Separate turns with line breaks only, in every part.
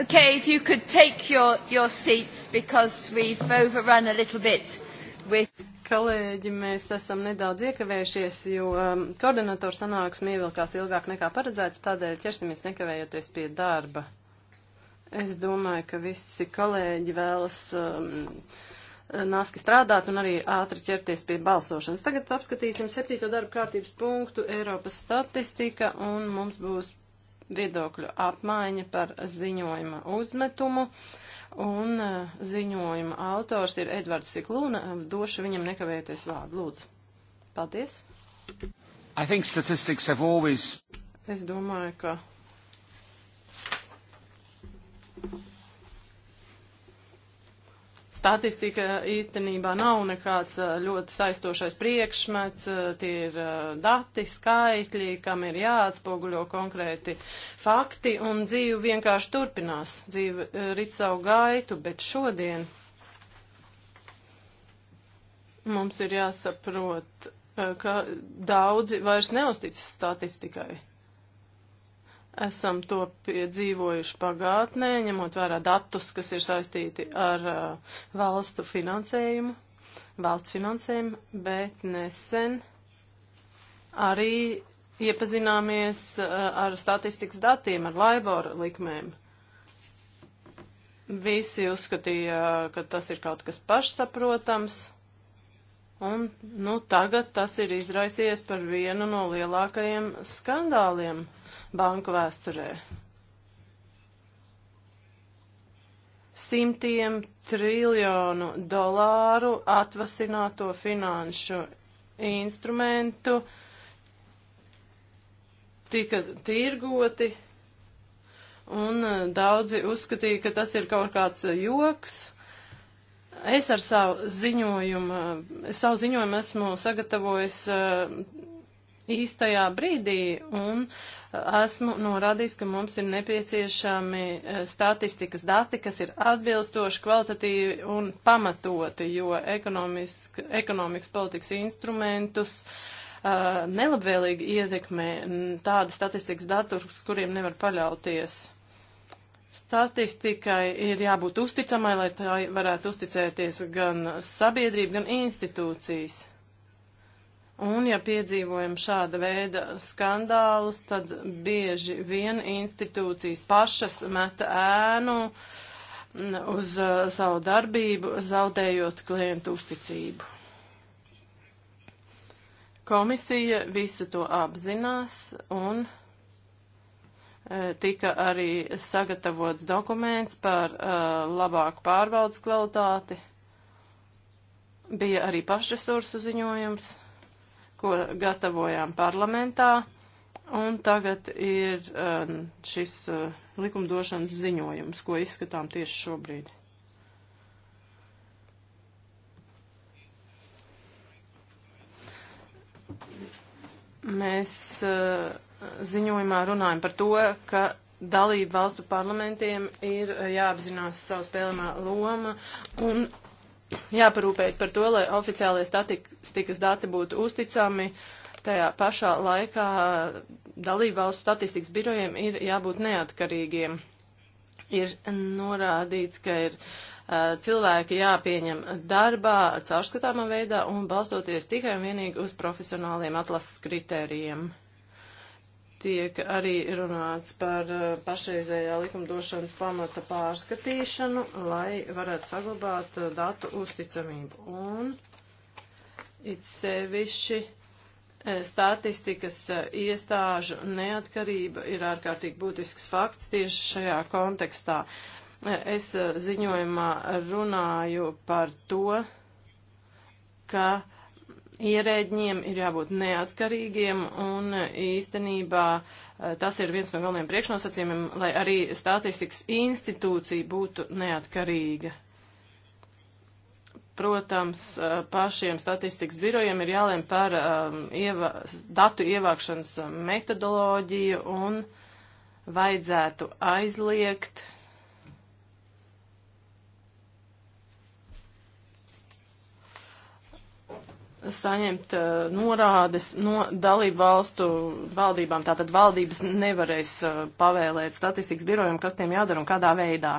Okay, if you could take your, your seats because we've overrun a little bit with. Kolēģi,
mēs esam nedaudz iekavējušies, jo um, koordinatoru sanāksme ievilkās ilgāk nekā paredzēts, tādēļ ķersimies nekavējoties pie darba. Es domāju, ka visi kolēģi vēlas um, nāski strādāt un arī ātri ķerties pie balsošanas. Tagad apskatīsim septīto darba kārtības punktu Eiropas statistika un mums būs viedokļu apmaiņa par ziņojuma uzmetumu. Un e, ziņojuma autors ir Edvards Siklūna. E, došu viņam nekavējoties vārdu. Lūdzu. Paldies.
Always...
Es domāju, ka statistika īstenībā nav nekāds ļoti saistošais priekšmets, tie ir dati, skaitļi, kam ir jāatspoguļo konkrēti fakti, un dzīve vienkārši turpinās, dzīve rit savu gaitu, bet šodien mums ir jāsaprot, ka daudzi vairs neusticas statistikai. Esam to piedzīvojuši pagātnē, ņemot vērā datus, kas ir saistīti ar uh, valstu finansējumu, valsts finansējumu, bet nesen arī iepazināmies uh, ar statistikas datiem, ar Laibora likmēm. Visi uzskatīja, ka tas ir kaut kas pašsaprotams. Un, nu, tagad tas ir izraisījies par vienu no lielākajiem skandāliem banku vēsturē. Simtiem triljonu dolāru atvasināto finanšu instrumentu tika tirgoti, un e, daudzi uzskatīja, ka tas ir kaut kāds joks. Es ar savu ziņojumu, e, savu ziņojumu esmu sagatavojis e, īstajā brīdī, un esmu norādījis, ka mums ir nepieciešami e, statistikas dati, kas ir atbilstoši, kvalitatīvi un pamatoti, jo ekonomikas politikas instrumentus uh, nelabvēlīgi ietekmē tādi statistikas dati, uz kuriem nevar paļauties. Statistikai ir jābūt uzticamai, lai tā varētu uzticēties gan sabiedrība, gan institūcijas. Un, ja piedzīvojam šāda veida skandālus, tad bieži vien institūcijas pašas meta ēnu uz uh, savu darbību, zaudējot klientu uzticību. Komisija visu to apzinās un uh, tika arī sagatavots dokuments par uh, labāku pārvaldes kvalitāti. Bija arī pašresursu ziņojums ko gatavojām parlamentā, un tagad ir um, šis uh, likumdošanas ziņojums, ko izskatām tieši šobrīd. Mēs uh, ziņojumā runājam par to, ka dalību valstu parlamentiem ir uh, jāapzinās savu spēlēmā loma un jāparūpējas par to, lai oficiālajie statistikas dati būtu uzticami. Tajā pašā laikā dalībvalstu statistikas birojiem ir jābūt neatkarīgiem. Ir norādīts, ka ir uh, cilvēki jāpieņem darbā caurskatāmā veidā un balstoties tikai un vienīgi uz profesionāliem atlases kritērijiem tiek arī runāts par uh, pašreizējā likumdošanas pamata pārskatīšanu, lai varētu saglabāt uh, datu uzticamību. Un it sevišķi uh, statistikas iestāžu neatkarība ir ārkārtīgi būtisks fakts tieši šajā kontekstā. Es ziņojumā runāju par to, ka uh, ierēģiem ir jābūt neatkarīgiem un īstenībā eh, tas ir viens no galvenajiem priekšnosacījumiem, lai arī statistikas institūcija būtu neatkarīga. Protams, eh, pašiem statistikas birojiem ir jālēm par um, ieva, datu ievākšanas metodoloģiju un vajadzētu aizliegt uh, saņemt uh, norādes no dalību valstu valdībām. Tātad valdības nevarēs uh, pavēlēt statistikas birojiem, kas tiem jādara un kādā veidā.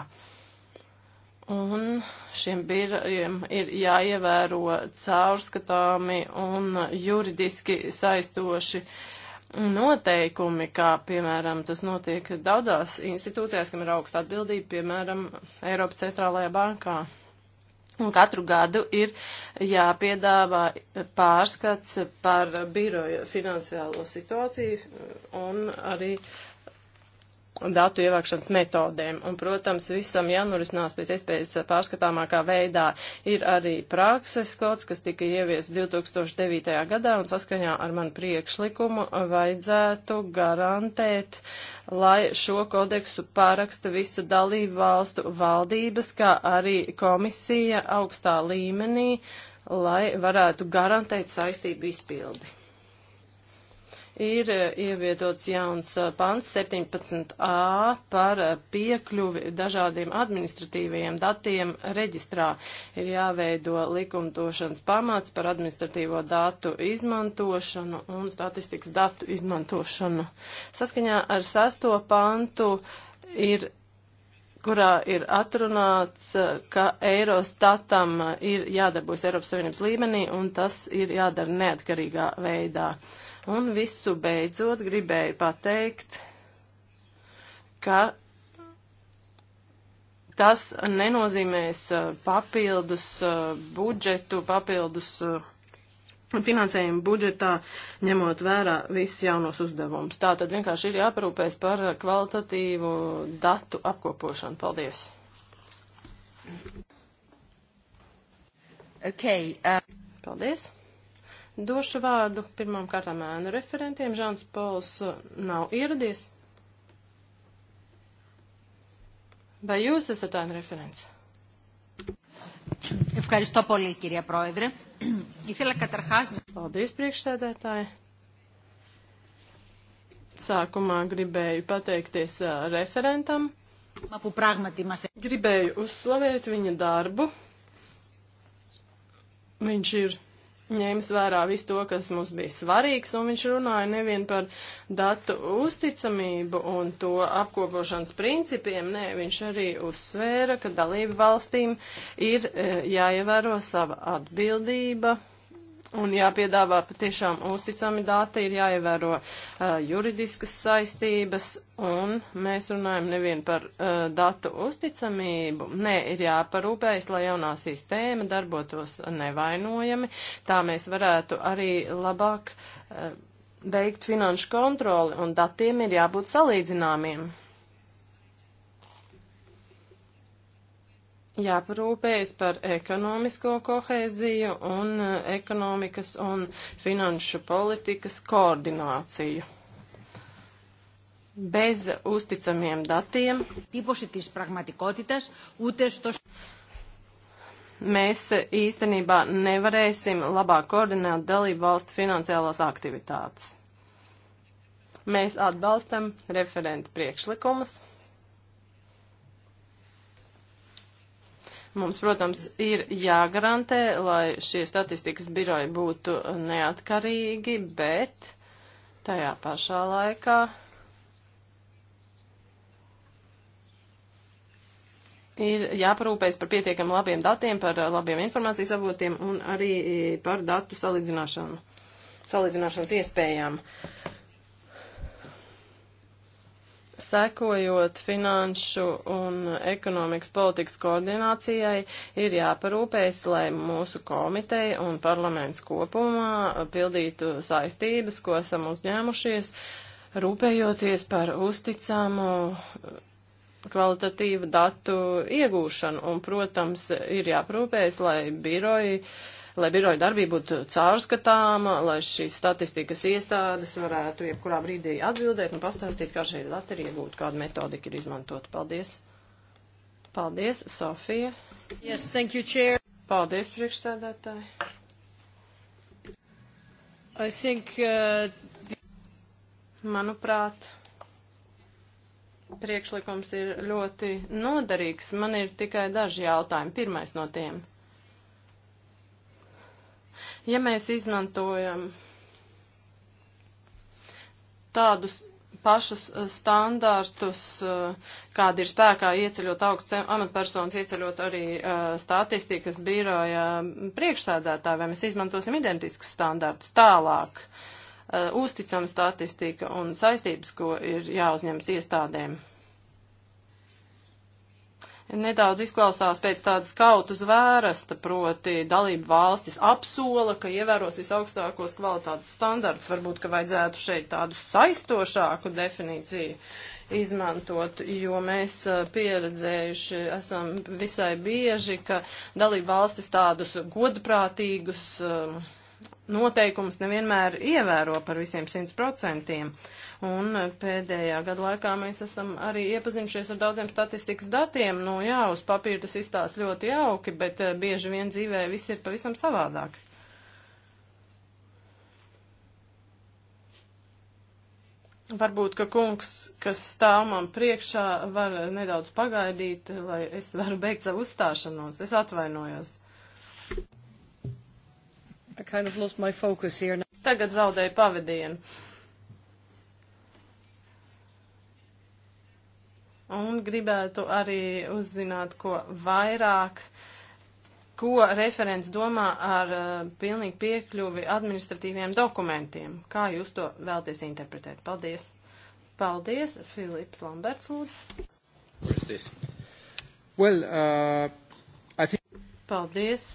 Un šiem birojiem ir jāievēro caurskatāmi un juridiski saistoši noteikumi, kā, piemēram, tas notiek daudzās institūcijās, kam ir augsta atbildība, piemēram, Eiropas centrālajā bankā. Un katru gadu ir jāpiedāvā pārskats par biroja finansiālo situāciju un arī uh, datu ievākšanas metodēm. Un, protams, visam jānorisinās pēc iespējas pārskatāmākā veidā. Ir arī prakses kods, kas tika ieviests 2009. gadā un saskaņā ar manu priekšlikumu vajadzētu garantēt, lai šo kodeksu pāraksta visu dalību valstu valdības, kā arī komisija augstā līmenī, lai varētu garantēt saistību izpildi ir eh, ievietots jauns eh, pants 17a par eh, piekļuvi dažādiem administratīvajiem datiem reģistrā. Ir jāveido likumdošanas pamats par administratīvo datu izmantošanu un statistikas datu izmantošanu. Saskaņā ar sasto pantu ir kurā ir atrunāts, ka Eirostatam ir jādarbojas Eiropas Savienības līmenī un tas ir jādara neatkarīgā veidā. Uh, Un visu beidzot gribēju pateikt, ka tas nenozīmēs uh, papildus uh, budžetu, papildus uh, finansējumu budžetā, ņemot vērā visus jaunos uzdevumus. Tā tad vienkārši ir jāparūpēs par kvalitatīvu datu apkopošanu. Paldies! Okay, uh... Paldies! Došu vārdu pirmām kārtām ēnu referentiem. Žāns Pols uh, nav ieradies. Vai jūs esat ēnu referents? Ευχαριστώ πολύ, κυρία Πρόεδρε. Ήθελα καταρχάς... Paldies, priekšsēdētāji. Sākumā gribēju pateikties uh, referentam. Gribēju uzslavēt viņa darbu. Viņš ir ņēmis vērā visu to, kas mums bija svarīgs, un viņš runāja nevien par datu uzticamību un to apkopošanas principiem, nē, viņš arī uzsvēra, ka dalību valstīm ir e, jāievēro sava atbildība Un jāpiedāvā patiešām uzticami dati, ir jāievēro uh, juridiskas saistības, un mēs runājam nevien par uh, datu uzticamību. Nē, ir jāparūpējas, lai jaunā sistēma darbotos nevainojami. Tā mēs varētu arī labāk uh, veikt finanšu kontroli, un datiem ir jābūt salīdzināmiem. jāparūpējas par ekonomisko kohēziju un eh, ekonomikas un finanšu politikas koordināciju. Bez uzticamiem datiem. Mēs eh, īstenībā nevarēsim labāk koordinēt dalību valstu finansiālās aktivitātes. Mēs atbalstam referents priekšlikumus. Mums, protams, ir jāgarantē, lai šie statistikas biroji būtu neatkarīgi, bet tajā pašā laikā ir jāparūpējas par pietiekami labiem datiem, par labiem informācijas avotiem un arī par datu salīdzināšanu, salīdzināšanas iespējām. Uh, sekojot finanšu un ekonomikas politikas koordinācijai, ir jāparūpējas, lai mūsu komiteja un parlaments kopumā pildītu saistības, ko esam uzņēmušies, rūpējoties par uzticamu kvalitatīvu datu iegūšanu. Un, protams, ir jāprūpējas, lai biroji uh, lai biroja darbība būtu caurskatāma, lai šīs statistikas iestādes varētu jebkurā brīdī atbildēt un pastāstīt, kā šī data ir iegūta, kāda metodika ir izmantota. Paldies! Paldies, Sofija! Yes, thank you, chair! Paldies, priekšsēdētāji! I think, uh, the... Manuprāt, priekšlikums ir ļoti noderīgs. Man ir tikai daži jautājumi. Pirmais no tiem. Ja mēs izmantojam tādus pašus eh, standartus, eh, kādi ir spēkā ieceļot augsts amatpersonas, ieceļot arī uh, statistikas biroja priekšsēdētāji, vai mēs izmantosim identiskus standartus tālāk, uh, uzticam statistika un saistības, ko ir jāuzņems iestādēm nedaudz izklausās pēc tādas kaut uz vērasta, proti dalību valstis apsola, ka ievēros visaugstākos kvalitātes standarts, varbūt, ka vajadzētu šeit tādu saistošāku definīciju izmantot, jo mēs eh, pieredzējuši esam visai bieži, ka dalību valstis tādus godprātīgus uh, noteikums nevienmēr ievēro par visiem 100%. Un pēdējā gada laikā mēs esam arī iepazinušies ar daudziem statistikas datiem. Nu jā, uz papīra tas izstāsta ļoti jauki, bet eh, bieži vien dzīvē viss ir pavisam savādāk. Varbūt, ka kungs, kas stāv man priekšā, var nedaudz pagaidīt, lai es varu beigt savu uzstāšanos. Es atvainojos. I kind of lost my focus here. Tagad zaudēju pavadienu. Un gribētu arī uzzināt, ko vairāk, ko referents domā ar uh, pilnīgi piekļuvi administratīviem dokumentiem. Kā jūs to vēlties interpretēt? Paldies! Paldies, Filips Lamberts, lūdzu. Where's this? Well, uh, I think... Paldies.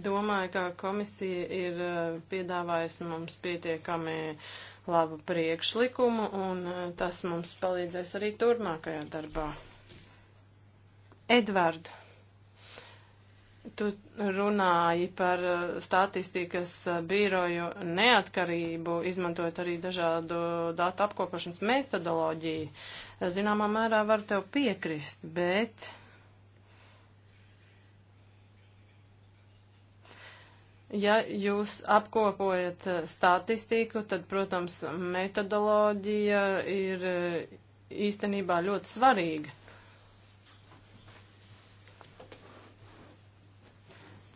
Domāju, ka komisija ir eh, piedāvājusi mums pietiekami labu priekšlikumu, un eh, tas mums palīdzēs arī turpmākajā darbā. Edvard, tu runāji par eh, statistikas biroju neatkarību, izmantojot arī dažādu datu apkopošanas metodoloģiju. Zināmā mērā var tev piekrist, bet Ja jūs apkopojat eh, statistiku, tad, protams, metodoloģija ir eh, īstenībā ļoti svarīga.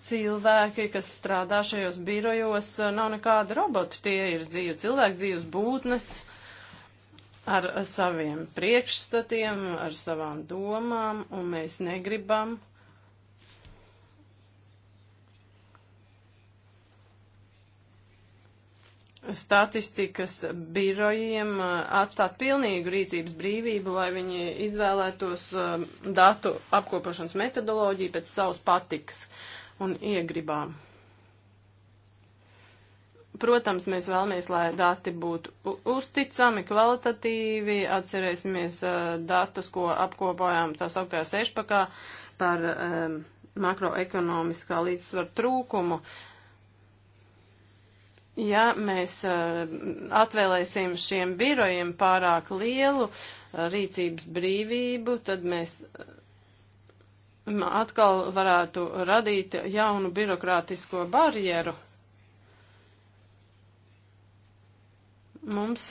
cilvēki, kas strādā šajos birojos, eh, nav nekādi roboti. Tie ir dzīvi cilvēki, dzīves būtnes ar saviem priekšstatiem, ar savām domām, un mēs negribam, statistikas birojiem uh, atstāt pilnīgu rīcības brīvību, lai viņi izvēlētos uh, datu apkopošanas metodoloģiju pēc savas patikas un iegribām. Protams, mēs vēlamies, lai dati būtu uzticami, kvalitatīvi, atcerēsimies uh, datus, ko apkopojām tā sauktā sešpakā par um, makroekonomiskā līdzsvaru trūkumu. Uh, ja mēs eh, atvēlēsim šiem birojiem pārāk lielu eh, rīcības brīvību, tad mēs eh, atkal varētu radīt jaunu birokrātisko barjeru. Mums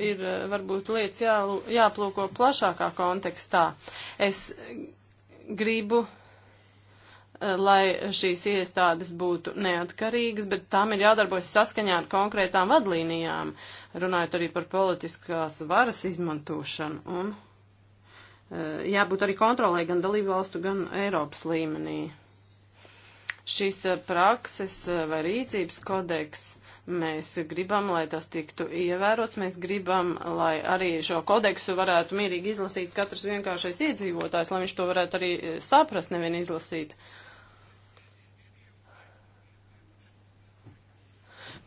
ir varbūt lietas jā, jāplūko plašākā kontekstā. Es gribu Eh, lai šīs iestādes būtu neatkarīgas, bet tam ir jādarbojas saskaņā ar konkrētām vadlīnijām, runājot arī par politiskās varas izmantošanu. Un eh, jābūt arī kontrolē gan dalību valstu, gan Eiropas līmenī. Šis eh, prakses vai rīcības kodeks mēs gribam, lai tas tiktu ievērots, mēs gribam, lai arī šo kodeksu varētu mierīgi izlasīt katrs vienkāršais iedzīvotājs, lai viņš to varētu arī saprast, nevien izlasīt. Uh,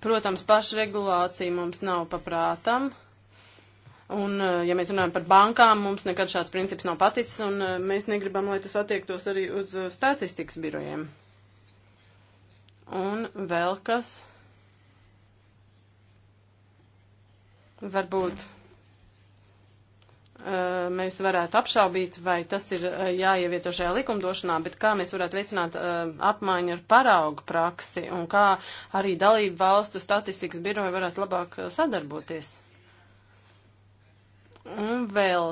Protams, pašregulācija mums nav paprātam. Un, eh, ja mēs runājam par bankām, mums nekad šāds princips nav paticis, un eh, mēs negribam, lai tas attiektos arī uz eh, statistikas birojiem. Un vēl kas? Varbūt. Mm Eh, mēs varētu apšaubīt, vai tas ir eh, jāievieto šajā likumdošanā, bet kā mēs varētu veicināt eh, apmaiņu ar paraugu praksi un kā arī dalību valstu statistikas biroja varētu labāk sadarboties. Un vēl.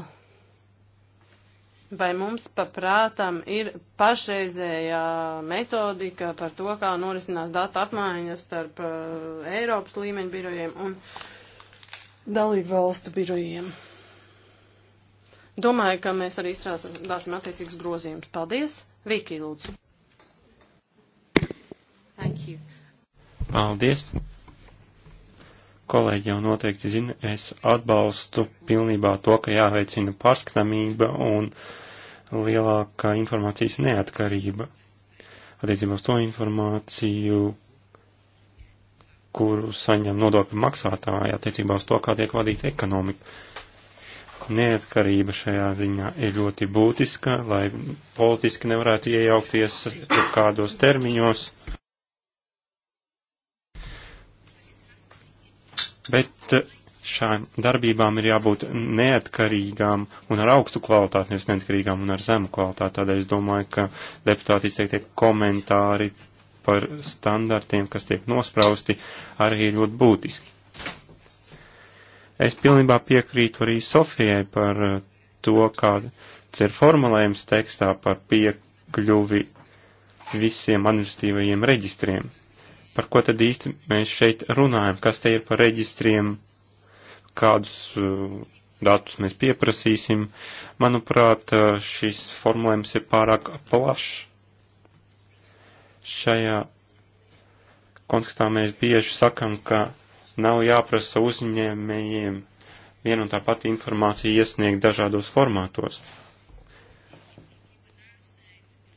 Vai mums paprātam ir pašreizējā metodika par to, kā norisinās datu apmaiņas starp uh, Eiropas līmeņu birojiem un dalību valstu birojiem? Domāju, ka mēs arī izstrādāsim attiecīgus grozījumus. Paldies! Viki, lūdzu! Thank you.
Paldies! Kolēģi jau noteikti zina, es atbalstu pilnībā to, ka jāveicina pārskatāmība un lielāka informācijas neatkarība. Attiecībā uz to informāciju, kuru saņem nodokļu maksātāji, attiecībā uz to, kā tiek vadīta ekonomika neatkarība šajā ziņā ir ļoti būtiska, lai politiski nevarētu iejaukties kādos termiņos. Bet šām darbībām ir jābūt neatkarīgām un ar augstu kvalitāti, nevis neatkarīgām un ar zemu kvalitāti. Tādēļ es domāju, ka deputāti izteiktie komentāri par standartiem, kas tiek nosprausti, arī ir ļoti būtiski. Es pilnībā piekrītu arī Sofijai par eh, to, kāds ir formulējums tekstā par piekļuvi visiem administratīvajiem reģistriem. Par ko tad īsti mēs šeit runājam? Kas te ir par reģistriem? Kādus eh, datus mēs pieprasīsim? Manuprāt, eh, šis formulējums ir pārāk plašs. Šajā kontekstā mēs bieži sakam, ka Nav jāprasa uzņēmējiem vienu un tā pati informāciju iesniegt dažādos formātos.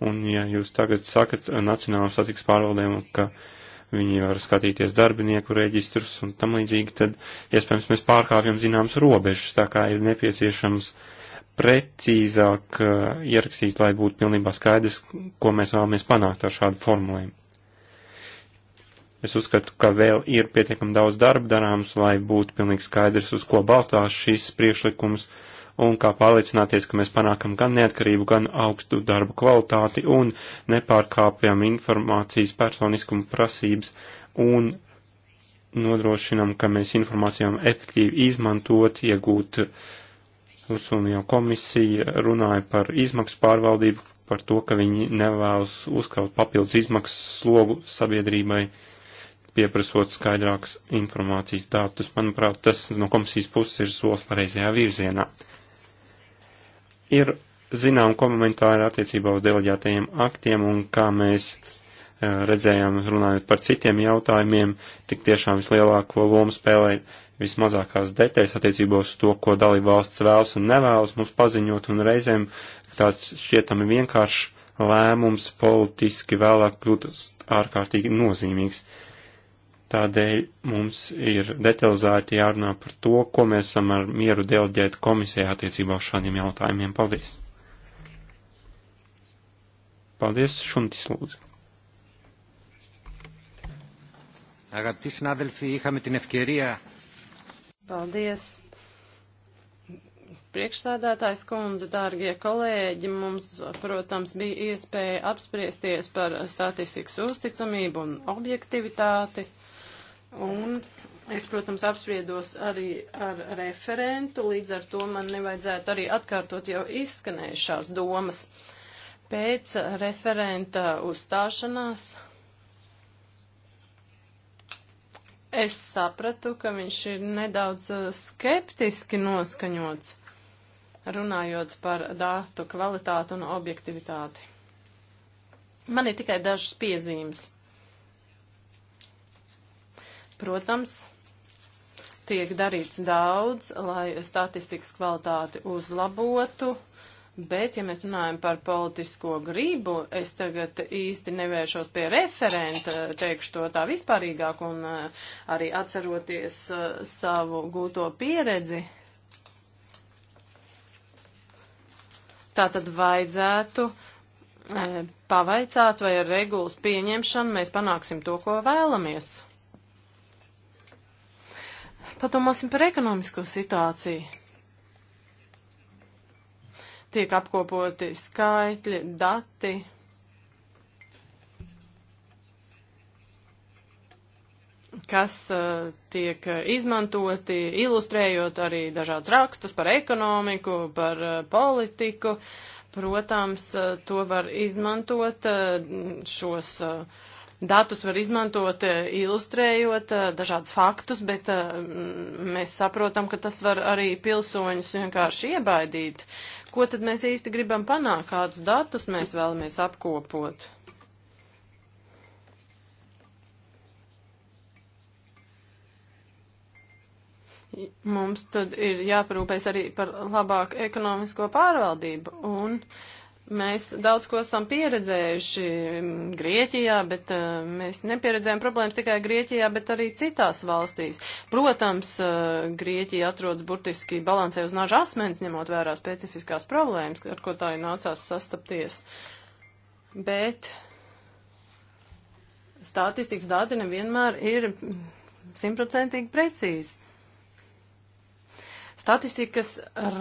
Un ja jūs tagad sakat Nacionālajiem satiks pārvaldēm, ka viņi var skatīties darbinieku reģistrus un tam līdzīgi, tad iespējams mēs pārkāpjam zināmas robežas, tā kā ir nepieciešams precīzāk uh, ierakstīt, lai būtu pilnībā skaidrs, ko mēs vēlamies panākt ar šādu formulējumu. Es uzskatu, ka vēl ir pietiekami daudz darba darāms, lai būtu pilnīgi skaidrs, uz ko balstās šis priekšlikums un kā pārliecināties, ka mēs panākam gan neatkarību, gan augstu darbu kvalitāti un nepārkāpjam informācijas personiskuma prasības un nodrošinam, ka mēs informācijām efektīvi izmantot, iegūt. Un jau komisija runāja par izmaksu pārvaldību, par to, ka viņi nevēlas uzkraut papildus izmaksas slogu sabiedrībai. Uh, pieprasot skaidrākas informācijas datus. Manuprāt, tas no komisijas puses ir solis pareizajā virzienā. Ir zinām komentāri attiecībā uz deleģētajiem aktiem un kā mēs eh, redzējām, runājot par citiem jautājumiem, tik tiešām vislielāko lomu spēlē vismazākās detaļas attiecībā uz to, ko dalība valsts vēlas un nevēlas mums paziņot, un reizēm tāds šķietami vienkāršs lēmums politiski vēlāk kļūt ārkārtīgi nozīmīgs. Tādēļ mums ir detalizēti jārunā par to, ko mēs esam ar mieru delģēt komisijā attiecībā uz šādiem jautājumiem. Paldies! Paldies, Šuntis Lūdzu! Αγαπητοί συνάδελφοι, είχαμε την ευκαιρία.
Paldies. Priekšsēdētājs kundze, dārgie kolēģi, mums, protams, bija iespēja apspriesties par statistikas uzticamību un objektivitāti. Un es, protams, apspriedos arī ar referentu, līdz ar to man nevajadzētu arī atkārtot jau izskanējušās domas. Pēc referenta uzstāšanās Es sapratu, ka viņš ir nedaudz uh, skeptiski noskaņots, runājot par datu kvalitāti un objektivitāti. Man ir tikai dažas piezīmes. Protams, tiek darīts daudz, lai statistikas kvalitāti uzlabotu, bet, ja mēs runājam par politisko gribu, es tagad īsti nevēršos pie referenta, teikšu to tā vispārīgāk un eh, arī atceroties eh, savu gūto pieredzi. Tā tad vajadzētu eh, pavaicāt, vai ar regulas pieņemšanu mēs panāksim to, ko vēlamies. Padomāsim par ekonomisko situāciju. Tiek apkopoti skaitļi, dati. kas uh, tiek uh, izmantoti, ilustrējot arī dažādas rakstus par ekonomiku, par uh, politiku. Protams, uh, to var izmantot uh, šos uh, Datus var izmantot, eh, ilustrējot eh, dažādus faktus, bet eh, mēs saprotam, ka tas var arī pilsoņus vienkārši iebaidīt. Ko tad mēs īsti gribam panākt, kādus datus mēs vēlamies apkopot? Mums tad ir jāparūpēs arī par labāku ekonomisko pārvaldību un uh, Mēs daudz ko esam pieredzējuši Grieķijā, bet uh, mēs nepieredzējām problēmas tikai Grieķijā, bet arī citās valstīs. Protams, uh, Grieķija atrodas burtiski balansē uz naža asmens, ņemot vērā specifiskās problēmas, ar ko tā ir nācās sastapties. Bet statistikas dati nevienmēr ir simtprocentīgi precīzi statistikas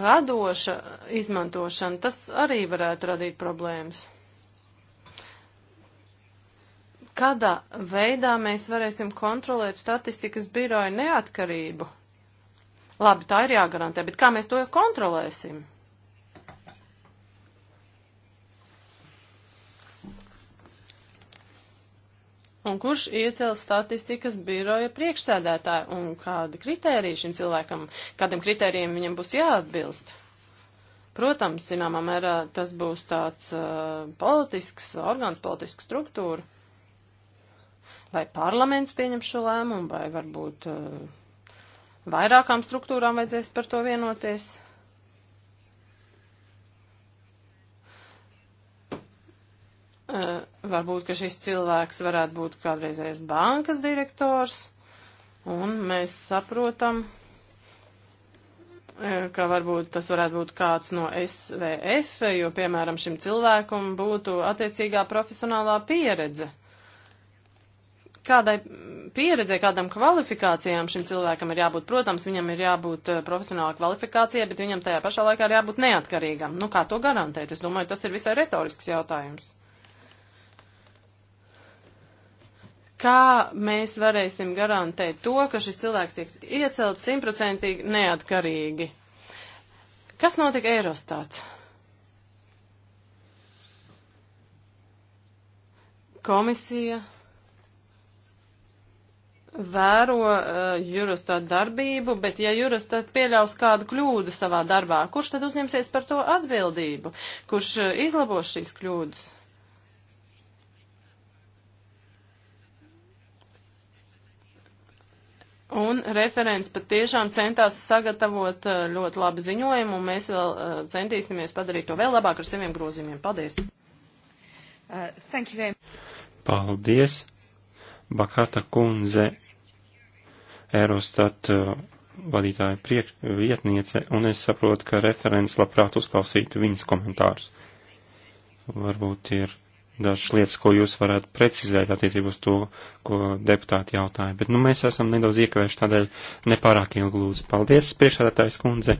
radoša izmantošana, tas arī varētu radīt problēmas. Kādā veidā mēs varēsim kontrolēt statistikas biroja neatkarību? Labi, tā ir jāgarantē, bet kā mēs to kontrolēsim? un kurš iecels statistikas biroja priekšsēdētāju, un kādi kritēriji šim cilvēkam, kādiem kritērijiem viņam būs jāatbilst. Protams, zināmā mērā tas būs tāds uh, politisks orgāns, politiska struktūra. Vai parlaments pieņem šo lēmumu, vai varbūt uh, vairākām struktūrām vajadzēs par to vienoties. Eh, varbūt, ka šis cilvēks varētu būt kādreizējais bankas direktors, un mēs saprotam, eh, ka varbūt tas varētu būt kāds no SVF, jo, piemēram, šim cilvēkam būtu attiecīgā profesionālā pieredze. Kādai pieredzē, kādam kvalifikācijām šim cilvēkam ir jābūt? Protams, viņam ir jābūt eh, profesionāla kvalifikācija, bet viņam tajā pašā laikā ir jābūt neatkarīgam. Nu, kā to garantēt? Es domāju, tas ir visai retorisks jautājums. kā mēs varēsim garantēt to, ka šis cilvēks tiks iecelt simtprocentīgi neatkarīgi. Kas notika Eirostat? Komisija vēro uh, Eurostat darbību, bet ja Eurostat pieļaus kādu kļūdu savā darbā, kurš tad uzņemsies par to atbildību? Kurš uh, izlabos šīs kļūdas? Un referents patiešām centās sagatavot eh, ļoti labu ziņojumu, un mēs vēl eh, centīsimies padarīt to vēl labāk ar saviem grozījumiem. Paldies!
Uh, thank you very much.
Paldies, Bakata kundze, Eurostat uh, vadītāja priekšvietniece, un es saprotu, ka referents labprāt uzklausītu viņas komentārus. Varbūt ir dažas lietas, ko jūs varētu precizēt attiecībā uz to, ko deputāti jautāja. Bet nu, mēs esam nedaudz iekavējuši, tādēļ nepārāk ilgi lūdzu. Paldies, priekšsādātājs kundze!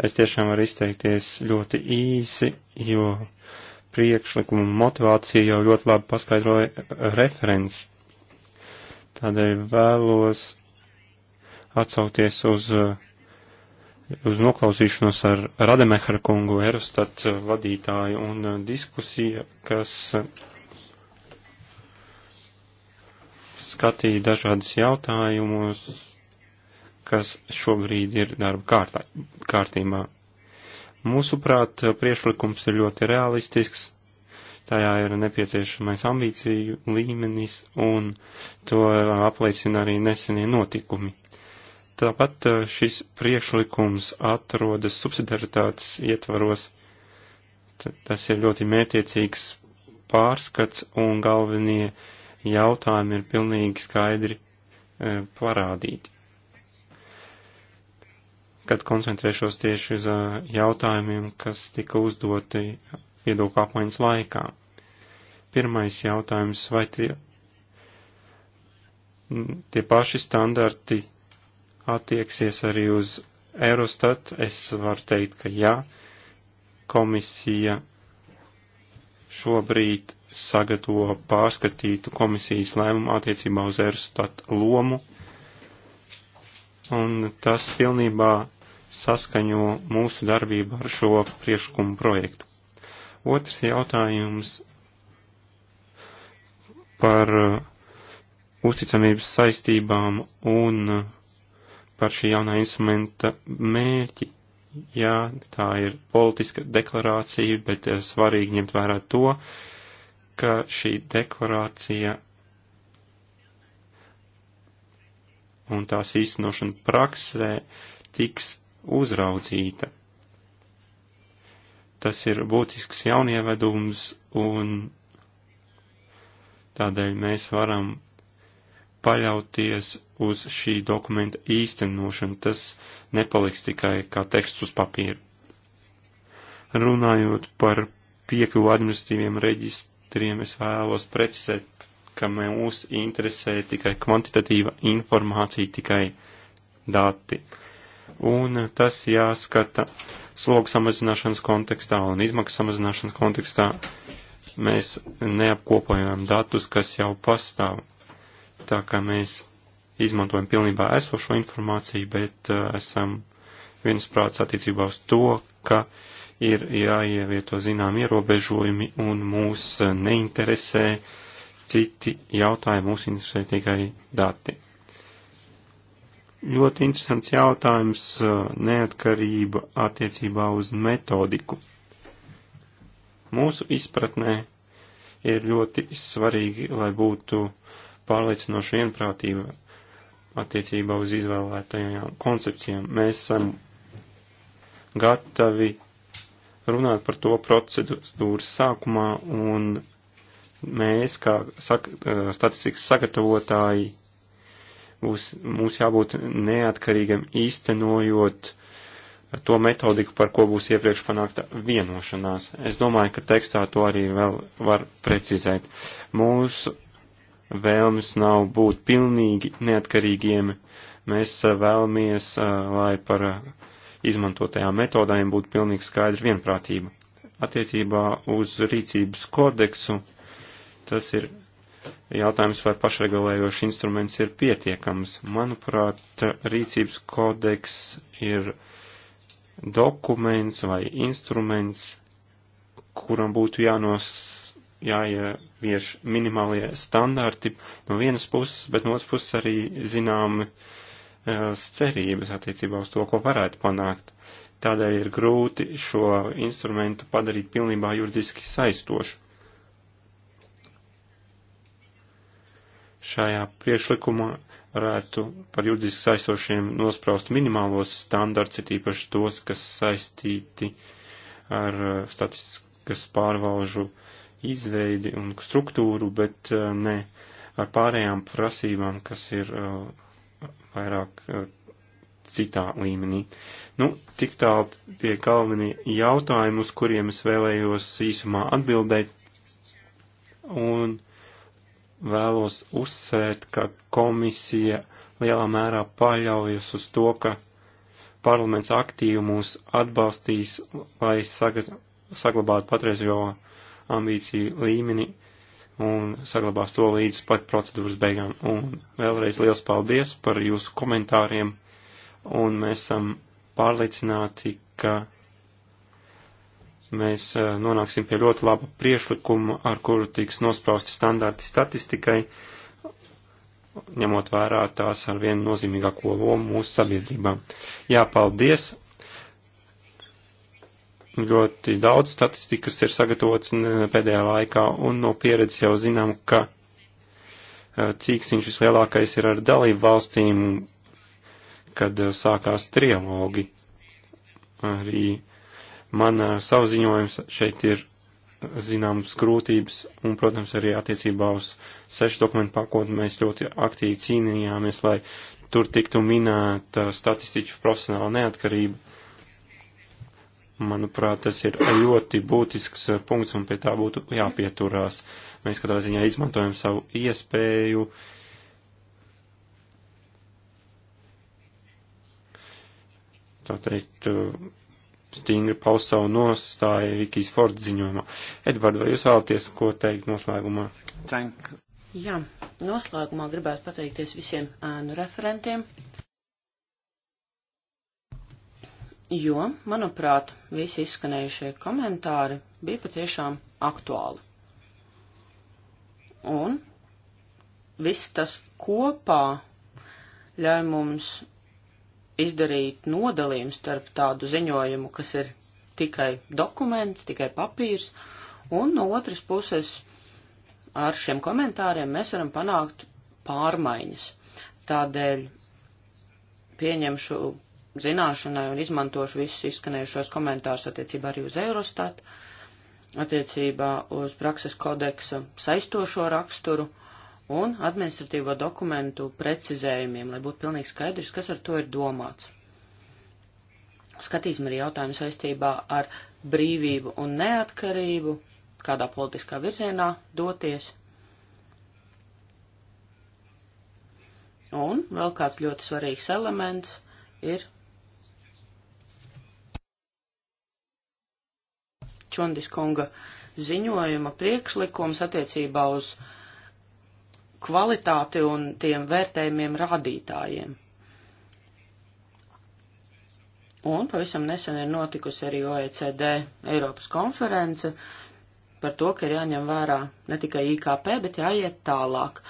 Es tiešām varu izteikties ļoti īsi, jo priekšlikumu motivāciju jau ļoti labi paskaidroja referents. Tādēļ vēlos atsaukties uz uh, uz noklausīšanos ar Rademehra kungu, Erostat vadītāju, un uh, diskusija, kas uh, skatīja dažādas jautājumus, kas šobrīd ir darba kārtā, kārtībā. Mūsuprāt, priešlikums ir ļoti realistisks, tajā ir nepieciešamais ambīciju līmenis, un to apliecina arī nesenie notikumi. Uh, Tāpat šis priekšlikums atrodas subsidiaritātes ietvaros. T tas ir ļoti mētiecīgs pārskats un galvenie jautājumi ir pilnīgi skaidri e, parādīti. Kad koncentrēšos tieši uz uh, jautājumiem, kas tika uzdoti viedokļu apmaiņas laikā. Pirmais jautājums, vai tie, tie paši standarti attieksies arī uz Eurostat. Es varu teikt, ka jā, komisija šobrīd sagatavo pārskatītu komisijas lēmumu attiecībā uz Eurostat lomu, un tas pilnībā saskaņo mūsu darbību ar šo priekšlikumu projektu. Otrs jautājums par uzticamības saistībām un uh, par šī jaunā instrumenta mērķi. Jā, tā ir politiska deklarācija, bet eh, svarīgi ņemt vērā to, ka šī deklarācija un tās īstenošana praksē tiks uzraudzīta. Tas ir būtisks jaunievedums un tādēļ mēs varam paļauties uz šī dokumenta īstenošanu. Tas nepaliks tikai kā teksts uz papīra. Runājot par piekļuvu administratīviem reģistriem, es vēlos precizēt, ka mūs interesē tikai kvantitatīva informācija, tikai dati. Un tas jāskata slogu samazināšanas kontekstā un izmaksu samazināšanas kontekstā. Mēs neapkopojam datus, kas jau pastāv. Tā kā mēs izmantojam pilnībā esošo informāciju, bet uh, esam viensprāts attiecībā uz to, ka ir jāievieto zinām ierobežojumi un mūs uh, neinteresē citi jautājumi, mūs interesē tikai dati. Ļoti interesants jautājums uh, - neatkarība attiecībā uz metodiku. Mūsu izpratnē ir ļoti svarīgi, lai būtu pārliecinoša vienprātība attiecībā uz izvēlētajām koncepcijām. Mēs esam gatavi runāt par to procedūras sākumā, un mēs, kā sak statistikas sagatavotāji, būs, mums jābūt neatkarīgam īstenojot to metodiku, par ko būs iepriekš panākta vienošanās. Es domāju, ka tekstā to arī vēl var precizēt. Mūsu vēlmes nav būt pilnīgi neatkarīgiem. Mēs eh, vēlamies, eh, lai par eh, izmantotajām metodēm būtu pilnīgi skaidra vienprātība. Attiecībā uz rīcības kodeksu tas ir jautājums, vai pašregulējošs instruments ir pietiekams. Manuprāt, rīcības kodeks ir dokuments vai instruments, kuram būtu jānos jāievieš minimālie standarti no vienas puses, bet no otras puses arī zināmi e, cerības attiecībā uz to, ko varētu panākt. Tādēļ ir grūti šo instrumentu padarīt pilnībā juridiski saistošu. Šajā priekšlikumā varētu par juridiski saistošiem nospraust minimālos standarts, ir tīpaši tos, kas saistīti ar e, statistikas pārvalžu uh, izveidi un struktūru, bet eh, ne ar pārējām prasībām, kas ir eh, vairāk eh, citā līmenī. Nu, tik tālu tie galvenie jautājumi, uz kuriem es vēlējos īsumā atbildēt, un vēlos uzsvērt, ka komisija lielā mērā paļaujas uz to, ka parlaments aktīvi mūs atbalstīs, lai saglabātu patreizējo ambīciju līmeni un saglabās to līdz pat procedūras beigām. Un vēlreiz liels paldies par jūsu komentāriem, un mēs esam pārliecināti, ka mēs eh, nonāksim pie ļoti laba priešlikuma, ar kuru tiks nosprausti standarti statistikai, ņemot vērā tās ar vienu nozīmīgāko lomu mūsu sabiedrībā. Jā, paldies! ļoti daudz statistikas ir sagatavots pēdējā laikā, un no pieredzes jau zinām, ka cīksiņš vislielākais ir ar dalību valstīm, kad sākās trialogi. Arī man savziņojums šeit ir zināmas grūtības, un, protams, arī attiecībā uz sešu dokumentu pakotni mēs ļoti aktīvi cīnījāmies, lai tur tiktu minēta statistiķu profesionāla neatkarība Manuprāt, tas ir ļoti būtisks eh, punkts un pie tā būtu jāpieturās. Mēs katrā ziņā izmantojam savu iespēju. Tā teikt, eh, stingri paust savu nostāju Vikijas Forda ziņojumā. Edvard, vai jūs vēlaties ko teikt noslēgumā?
Thank. Jā, noslēgumā gribētu pateikties visiem ēnu referentiem. jo, manuprāt, visi izskanējušie komentāri bija patiešām aktuāli. Un viss tas kopā ļauj mums izdarīt nodalījumu starp tādu ziņojumu, kas ir tikai dokuments, tikai papīrs, un no otras puses ar šiem komentāriem mēs varam panākt pārmaiņas. Tādēļ pieņemšu zināšanai un izmantošu visus izskanējušos komentārus attiecībā arī uz Eurostat, attiecībā uz prakses kodeksa saistošo raksturu un administratīvo dokumentu precizējumiem, lai būtu pilnīgi skaidrs, kas ar to ir domāts. Skatīsim arī jautājumu saistībā ar brīvību un neatkarību, kādā politiskā virzienā doties. Un vēl kāds ļoti svarīgs elements ir Čondis kunga ziņojuma priekšlikums attiecībā uz kvalitāti un tiem vērtējumiem rādītājiem. Un pavisam nesen ir notikusi arī OECD Eiropas konference par to, ka ir jāņem vērā ne tikai IKP, bet jāiet tālāk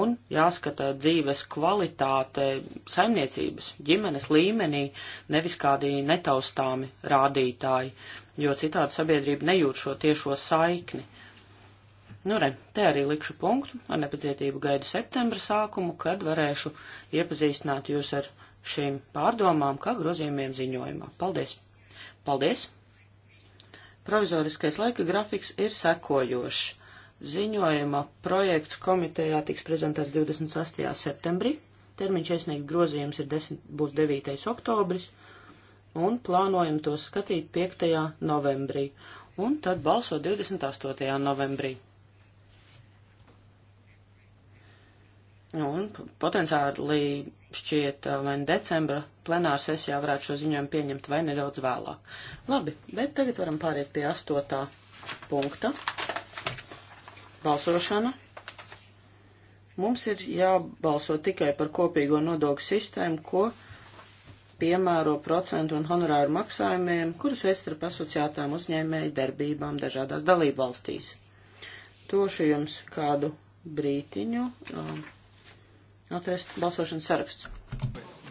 un jāskata dzīves kvalitāte saimniecības, ģimenes līmenī, nevis kādi netaustāmi rādītāji jo citādi sabiedrība nejūt šo tiešo saikni. Nu, re, te arī likšu punktu, ar nepacietību gaidu septembra sākumu, kad varēšu iepazīstināt jūs ar šīm pārdomām, kā grozījumiem ziņojumā. Paldies! Paldies! Provizoriskais laika grafiks ir sekojošs. Ziņojuma projekts komitejā tiks prezentēts 28. septembrī, termiņš iesniegt grozījums ir 10, būs 9. oktobris, un plānojam to skatīt 5. novembrī, un tad balso 28. novembrī. Un potenciāli šķiet, uh, vai decembra plenāra sesijā varētu šo ziņojumu pieņemt vai nedaudz vēlāk. Labi, bet tagad varam pāriet pie astotā punkta. Balsošana. Mums ir jābalso tikai par kopīgo nodokļu sistēmu, ko piemēro procentu un honorāru maksājumiem, kurus veic starp asociētām uzņēmēju darbībām dažādās dalībvalstīs. Tošu jums kādu brītiņu um, atrast balsošanas saraksts.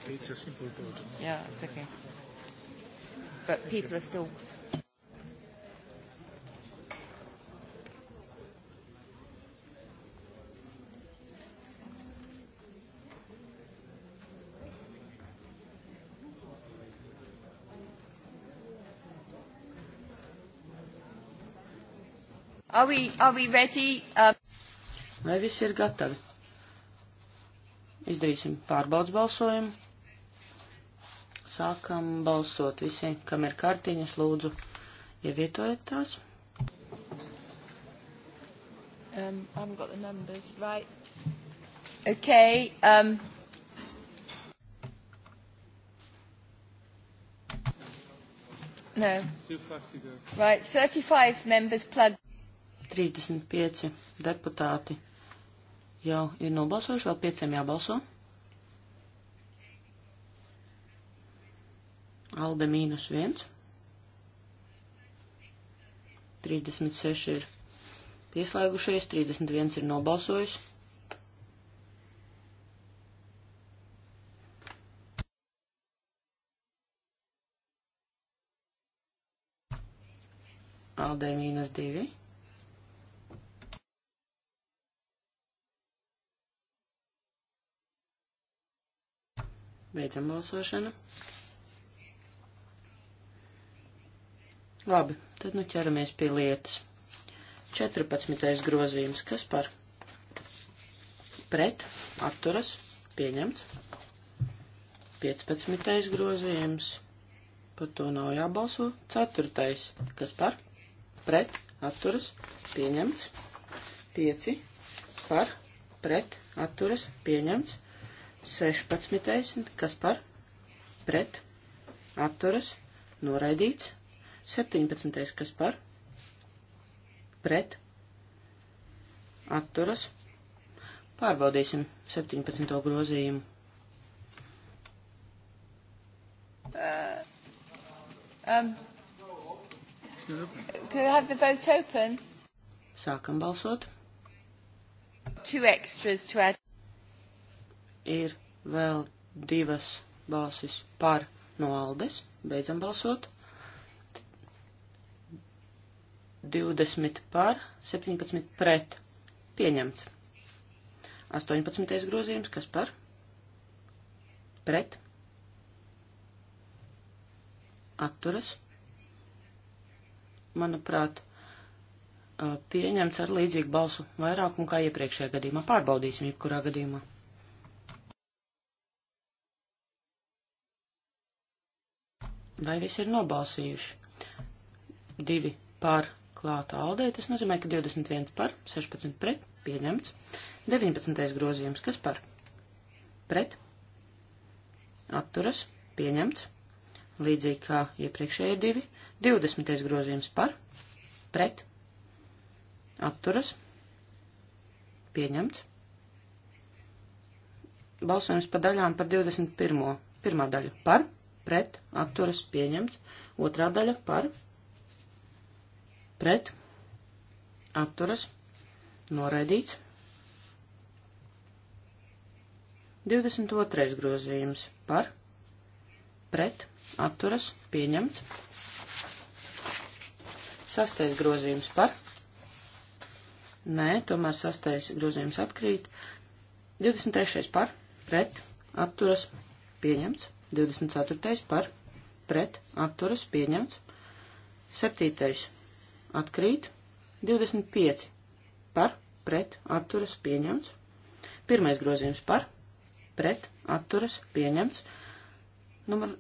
Yeah, it's okay. But people are still Are we, are we ready? Uh... Vai visi ir gatavi? Izdarīsim pārbaudas balsojumu. Sākam balsot visiem, kam ir kartiņas, lūdzu, ievietojiet tās. Um, I haven't got the numbers right. Okay. Um, no.
Still five to go. Right,
35 members plugged. 35 deputāti jau ir nobalsojuši, vēl pieciem jābalso. Alde mīnus 1. 36 ir pieslēgušies, 31 ir nobalsojis. Alde mīnus 2. Beidzam balsošanu. Labi, tad nu ķeramies pie lietas. 14. grozījums, kas par pret atturas pieņemts. 15. grozījums, par to nav jābalso. 4. kas par pret atturas pieņemts. 5. par pret atturas pieņemts. 16. kas par pret atturas noraidīts. 17. kas par pret atturas. Pārbaudīsim 17. grozījumu. Uh, um, could I have the vote open? Sākam balsot. Two extras to add ir vēl divas balsis par no Aldes. Beidzam balsot. 20 par, 17 pret. Pieņemts. 18. grozījums, kas par? Pret. Atturas. Manuprāt, pieņemts ar līdzīgu balsu vairākumu kā iepriekšējā gadījumā. Pārbaudīsim jebkurā gadījumā. Vai visi ir nobalsījuši? Divi par klāta aldē, tas nozīmē, ka 21 par, 16 pret, pieņemts. 19. grozījums, kas par? Pret, atturas, pieņemts. Līdzīgi kā iepriekšējie divi. 20. grozījums par, pret, atturas, pieņemts. Balsojums pa daļām par 21. Pirmā daļa par, pret pret, atturas pieņemts. Otrā daļa par, pret, atturas noraidīts. 22. grozījums par, pret, atturas pieņemts. Sastais grozījums par, nē, tomēr sastais grozījums atkrīt. 23. par, pret, atturas pieņemts. 24. par pret atturas pieņemts. 7. atkrīt. 25. par pret atturas pieņemts. 1. grozījums par pret atturas pieņemts. Numur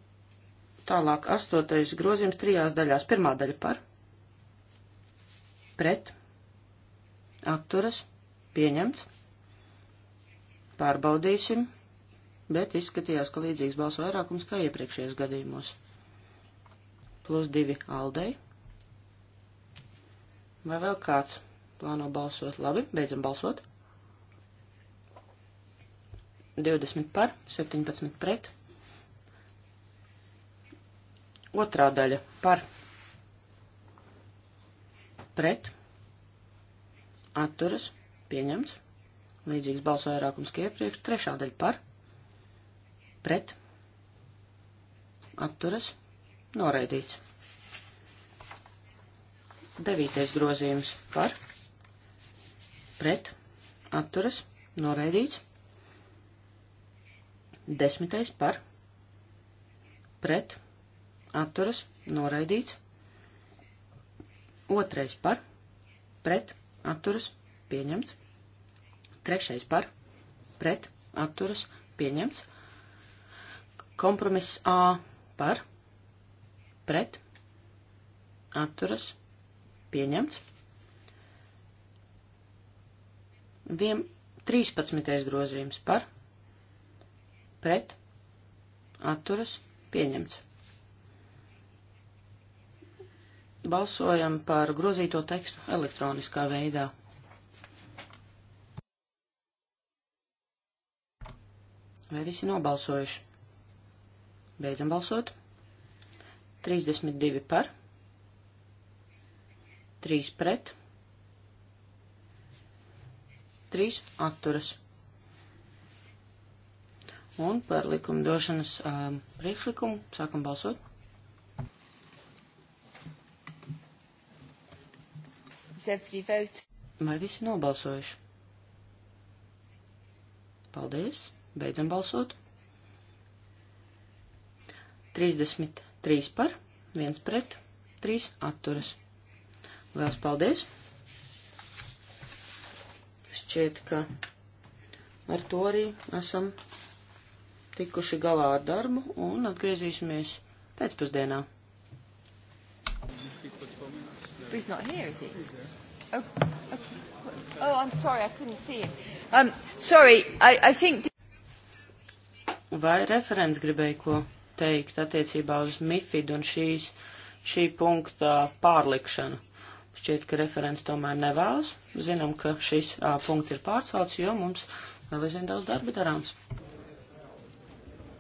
Tālāk, astotais grozījums trijās daļās. Pirmā daļa par, pret, atturas, pieņemts. Pārbaudīsim bet izskatījās, ka līdzīgs balsu vairākums kā iepriekšējos gadījumos. Plus divi Aldei. Vai vēl kāds plāno balsot? Labi, beidzam balsot. 20 par, 17 pret. Otrā daļa par pret atturas pieņemts. Līdzīgs balsu vairākums kā iepriekš. Trešā daļa par pret, atturas, noraidīts. Devītais grozījums par, pret, atturas, noraidīts. Desmitais par, pret, atturas, noraidīts. Otrais par, pret, atturas, pieņemts. Trešais par, pret, atturas, pieņemts. Kompromiss A par, pret, atturas, pieņemts. Viem 13. grozījums par, pret, atturas, pieņemts. Balsojam par grozīto tekstu elektroniskā veidā. Vai visi nobalsojuši? Beidzam balsot. 32 par. 3 pret. 3 atturas. Un par likumdošanas um, priekšlikumu sākam balsot. Vai visi nobalsojuši? Paldies! Beidzam balsot! 33 par, 1 pret, 3 atturas. Lielas paldies! Šķiet, ka ar to arī esam tikuši galā ar darbu un atgriezīsimies pēcpusdienā. But he's not here, is he? Oh, okay. oh I'm sorry, I couldn't see him. Um, sorry, I, I think... Vai referents gribēja ko? teikt attiecībā uz MIFID un šīs, šī punkta pārlikšanu. Šķiet, ka referents tomēr nevēlas. Zinām, ka šis a, punkts ir pārcelts, jo mums vēl aizvien daudz darba darāms.